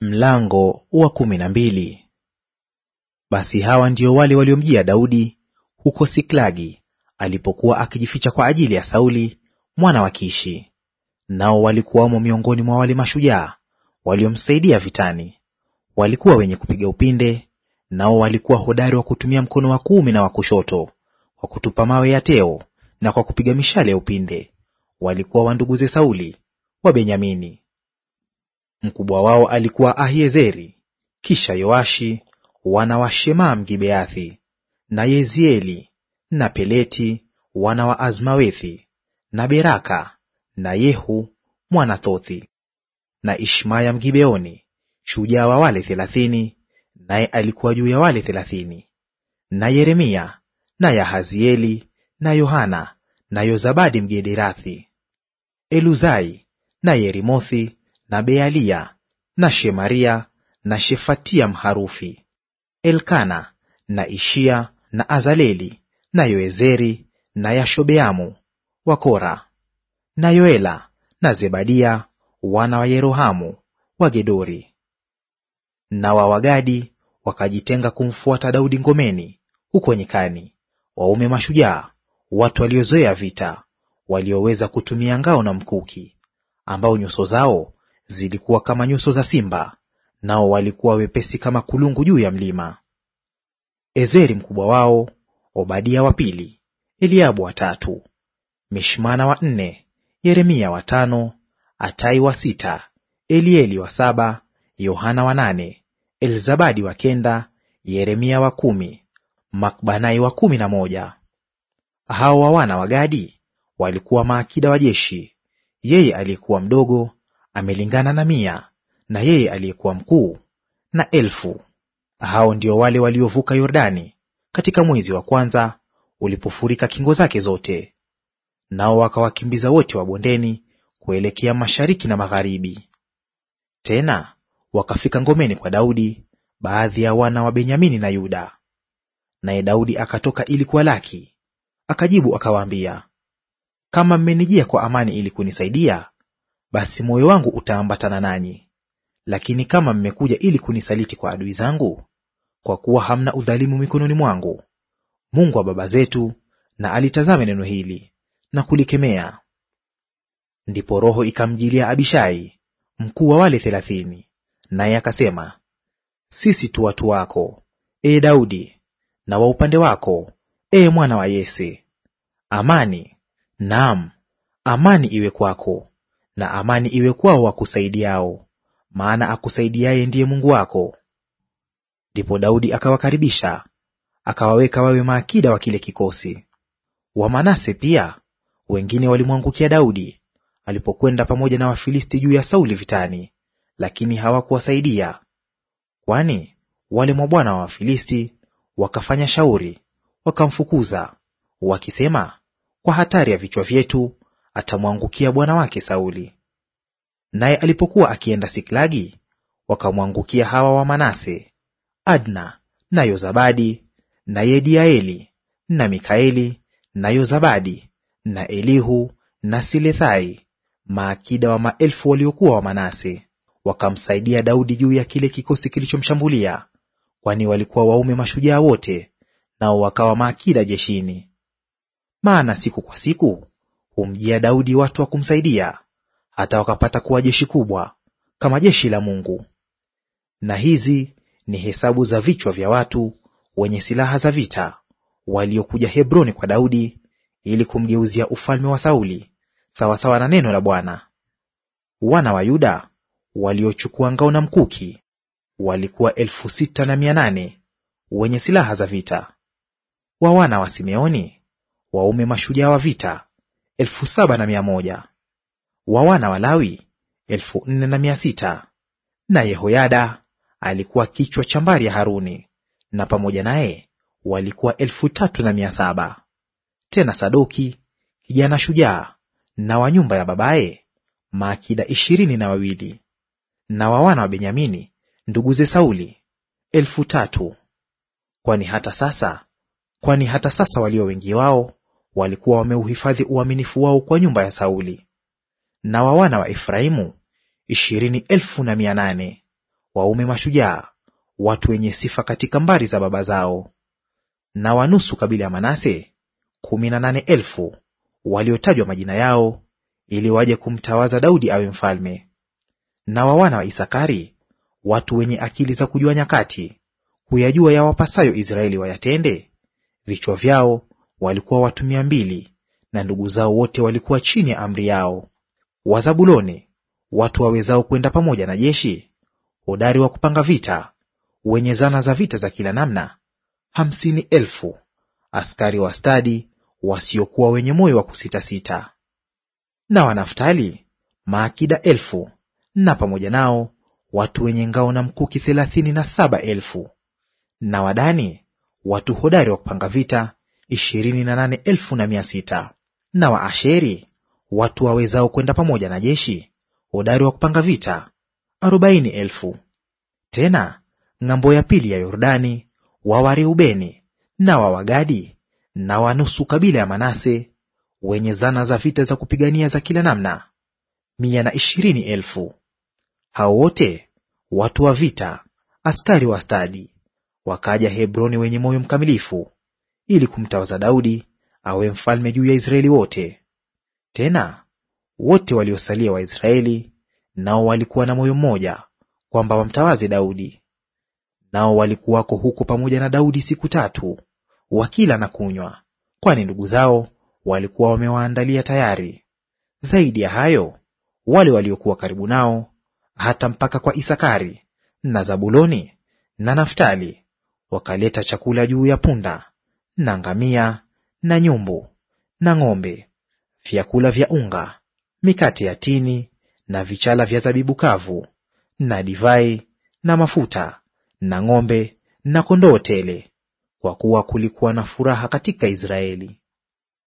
Mlango wa kumi na mbili. Basi hawa ndio wale waliomjia Daudi huko Siklagi alipokuwa akijificha kwa ajili ya Sauli mwana wa Kishi. Nao walikuwamo miongoni mwa wale mashujaa waliomsaidia vitani. Walikuwa wenye kupiga upinde, nao walikuwa hodari wa kutumia mkono wa kuume na wa kushoto, kwa kutupa mawe ya teo na kwa kupiga mishale ya upinde. Walikuwa wanduguze Sauli wa Benyamini. Mkubwa wao alikuwa Ahiezeri, kisha Yoashi wana wa Shemaa Mgibeathi, na Yezieli na Peleti wana wa Azmawethi, na Beraka na Yehu Mwanathothi, na Ishmaya Mgibeoni, shujaa wa wale thelathini, naye alikuwa juu ya wale thelathini, na Yeremia na Yahazieli na Yohana na Yozabadi Mgederathi, Eluzai na Yerimothi na Bealia na Shemaria na Shefatia mharufi, Elkana na Ishia na Azaleli na Yoezeri na Yashobeamu wa Kora na Yoela na Zebadia wana wa Yerohamu wa Gedori. Na Wawagadi wakajitenga kumfuata Daudi ngomeni huko nyikani, waume mashujaa, watu waliozoea vita, walioweza kutumia ngao na mkuki, ambao nyuso zao zilikuwa kama nyuso za simba, nao walikuwa wepesi kama kulungu juu ya mlima. Ezeri mkubwa wao, Obadia wa pili, Eliabu wa tatu, Mishmana wa nne, Yeremia wa tano, Atai wa sita, Elieli wa saba, Yohana wa nane, Elzabadi wa kenda, Yeremia wa kumi, Makbanai wa kumi na moja. Hao wa wana wa Gadi walikuwa maakida wa jeshi. Yeye aliyekuwa mdogo amelingana na mia, na yeye aliyekuwa mkuu na elfu. Hao ndio wale waliovuka Yordani katika mwezi wa kwanza ulipofurika kingo zake zote, nao wakawakimbiza wote wa bondeni kuelekea mashariki na magharibi. Tena wakafika ngomeni kwa Daudi baadhi ya wana wa Benyamini na Yuda. Naye Daudi akatoka ili kuwalaki, akajibu akawaambia, kama mmenijia kwa amani ili kunisaidia, basi moyo wangu utaambatana nanyi. Lakini kama mmekuja ili kunisaliti kwa adui zangu, kwa kuwa hamna udhalimu mikononi mwangu, Mungu wa baba zetu na alitazame neno hili na kulikemea. Ndipo roho ikamjilia Abishai mkuu wa wale thelathini, naye akasema, sisi tu watu wako, ee Daudi, na wa upande wako, ee mwana wa Yese. Amani, naam, amani iwe kwako, na amani iwe kwao wakusaidiao, maana akusaidiaye ndiye Mungu wako. Ndipo Daudi akawakaribisha, akawaweka wawe maakida wa kile kikosi. Wamanase pia wengine walimwangukia Daudi alipokwenda pamoja na Wafilisti juu ya Sauli vitani, lakini hawakuwasaidia, kwani wale mwa bwana wa Wafilisti wakafanya shauri, wakamfukuza wakisema, kwa hatari ya vichwa vyetu atamwangukia bwana wake Sauli. Naye alipokuwa akienda Siklagi, wakamwangukia hawa wa Manase, Adna na Yozabadi na Yediaeli na Mikaeli na Yozabadi na Elihu na Silethai, maakida wa maelfu waliokuwa wa Manase, wakamsaidia Daudi juu ya kile kikosi kilichomshambulia, kwani walikuwa waume mashujaa wote, nao wakawa maakida jeshini. Maana siku kwa siku humjia Daudi watu wa kumsaidia, hata wakapata kuwa jeshi kubwa kama jeshi la Mungu. Na hizi ni hesabu za vichwa vya watu wenye silaha za vita waliokuja Hebroni kwa Daudi ili kumgeuzia ufalme wa Sauli sawasawa na neno la Bwana. Wana wa Yuda waliochukua ngao na mkuki walikuwa elfu sita na mia nane wenye silaha za vita. Wa wana wa Simeoni waume mashujaa wa vita elfu saba na mia moja wa wana wa Lawi elfu nne na mia sita na Yehoyada alikuwa kichwa cha mbari ya Haruni, na pamoja naye walikuwa elfu tatu na mia saba. Tena Sadoki kijana shujaa na wa nyumba ya babaye maakida ishirini na wawili na wa wana wa Benyamini nduguze Sauli elfu tatu. Kwani hata sasa, kwani hata sasa walio wengi wao walikuwa wameuhifadhi uaminifu wao kwa nyumba ya Sauli. Na wa wana wa Efraimu ishirini elfu na mia nane waume mashujaa, watu wenye sifa katika mbari za baba zao. Na wanusu kabila ya Manase kumi na nane elfu waliotajwa majina yao, ili waje kumtawaza Daudi awe mfalme. Na wa wana wa Isakari watu wenye akili za kujua nyakati, kuyajua yawapasayo Israeli wayatende, vichwa vyao walikuwa watu mia mbili na ndugu zao wote walikuwa chini ya amri yao. Wazabuloni, watu wawezao kwenda pamoja na jeshi, hodari wa kupanga vita, wenye zana za vita za kila namna, hamsini elfu askari wa stadi wasiokuwa wenye moyo wa kusitasita. Na Wanaftali maakida elfu na pamoja nao watu wenye ngao na mkuki thelathini na saba elfu na Wadani watu hodari wa kupanga vita ishirini na nane elfu na mia sita. Na Waasheri watu wawezao kwenda pamoja na jeshi hodari wa kupanga vita arobaini elfu. Tena ng'ambo ya pili ya Yordani wa Wareubeni na wa Wagadi na wanusu kabila ya Manase wenye zana za vita za kupigania za kila namna mia na ishirini elfu. Hao wote watu wa vita, askari wa stadi, wakaja Hebroni wenye moyo mkamilifu ili kumtawaza Daudi awe mfalme juu ya Israeli wote. Tena wote waliosalia Waisraeli nao walikuwa na moyo mmoja kwamba wamtawaze Daudi. Nao walikuwako huko pamoja na Daudi siku tatu, wakila na kunywa, kwani ndugu zao walikuwa wamewaandalia tayari. Zaidi ya hayo, wale waliokuwa karibu nao hata mpaka kwa Isakari na Zabuloni na Naftali wakaleta chakula juu ya punda na ngamia na nyumbu na ng'ombe, vyakula vya unga, mikate ya tini na vichala vya zabibu kavu, na divai na mafuta, na ng'ombe na kondoo tele, kwa kuwa kulikuwa na furaha katika Israeli.